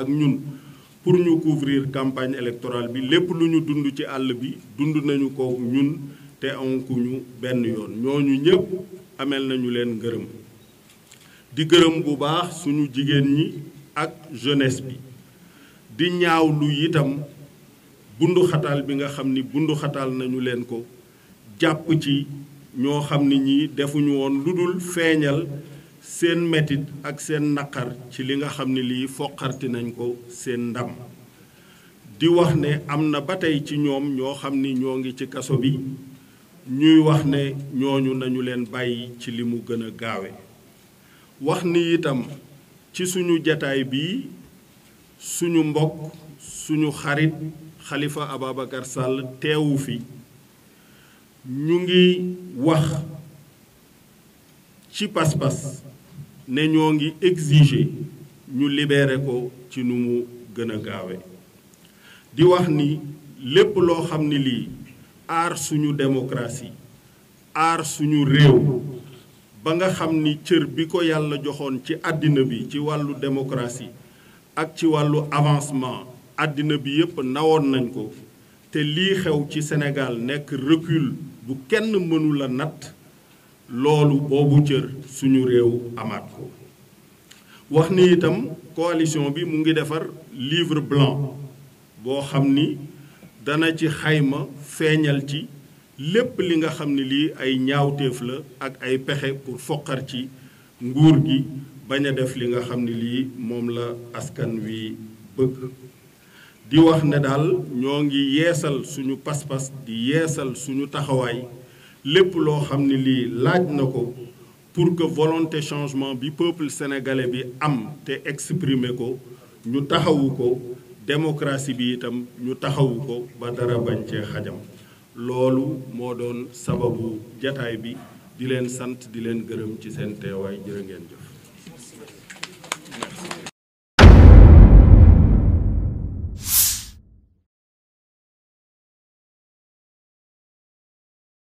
ak ñun pour ñu couvrir campagne électorale bi lépp luñu dund ci àll bi dund nañu ko ñun te onkuñu benn yoon ñooñu ñëpp amel nañu leen ngërëm di gërëm bu baax suñu jigéen ñi ak jeunesse bi di ñaaw lu itam bunduxataal bi nga xam ni bunduxataal nañu leen ko jàpp ci ñoo xam ni ñii defuñu woon lu dul feeñal seen metit ak seen naqar ci li nga xam ne lii foqarti nañ ko seen ndam di wax ne am na ba tey ci ñoom ñoo xam ni ñoo ngi ci kaso bi ñuy wax ne ñooñu nañu leen bàyyi ci li mu gën gaawe wax ni itam ci suñu jataay bii suñu mbokk suñu xarit xalifa Ababacar sàll teewu fi ñu ngi wax ci pas-pas ne ñoo ngi egsige ñu libeere ko ci nu mu gën a gaawe di wax ni lépp loo xam ni lii aar suñu démocratie aar suñu réew ba nga xam ni cër bi ko yàlla joxoon ci àddina bi ci wàllu démocratie ak ci wàllu avancement àddina bi yépp nawoon nañ ko te lii xew ci senegal nekk recul bu kenn mënula natt loolu boobu cër suñu réew amaat ko wax ni itam coalition bi mu ngi defar livre blanc boo xam ni dana ci xayma feeñal ci lépp li nga xam ni lii ay ñaawteef la ak ay pexe pour foqar ci nguur gi bañ a def li nga xam ni lii moom la askan wi bëgg di wax ne daal ñoo ngi yeesal suñu pas-pas di yeesal suñu taxawaay lépp loo xam ne lii laaj na ko pour que volonté changement bi peuple sénégalais bi am te exprimer ko ñu taxawu ko démocratie bi itam ñu taxawu ko ba dara bañ cee xajam loolu moo doon sababu jataay bi di leen sant di leen gërëm ci seen teewaay jërë ngeen jëf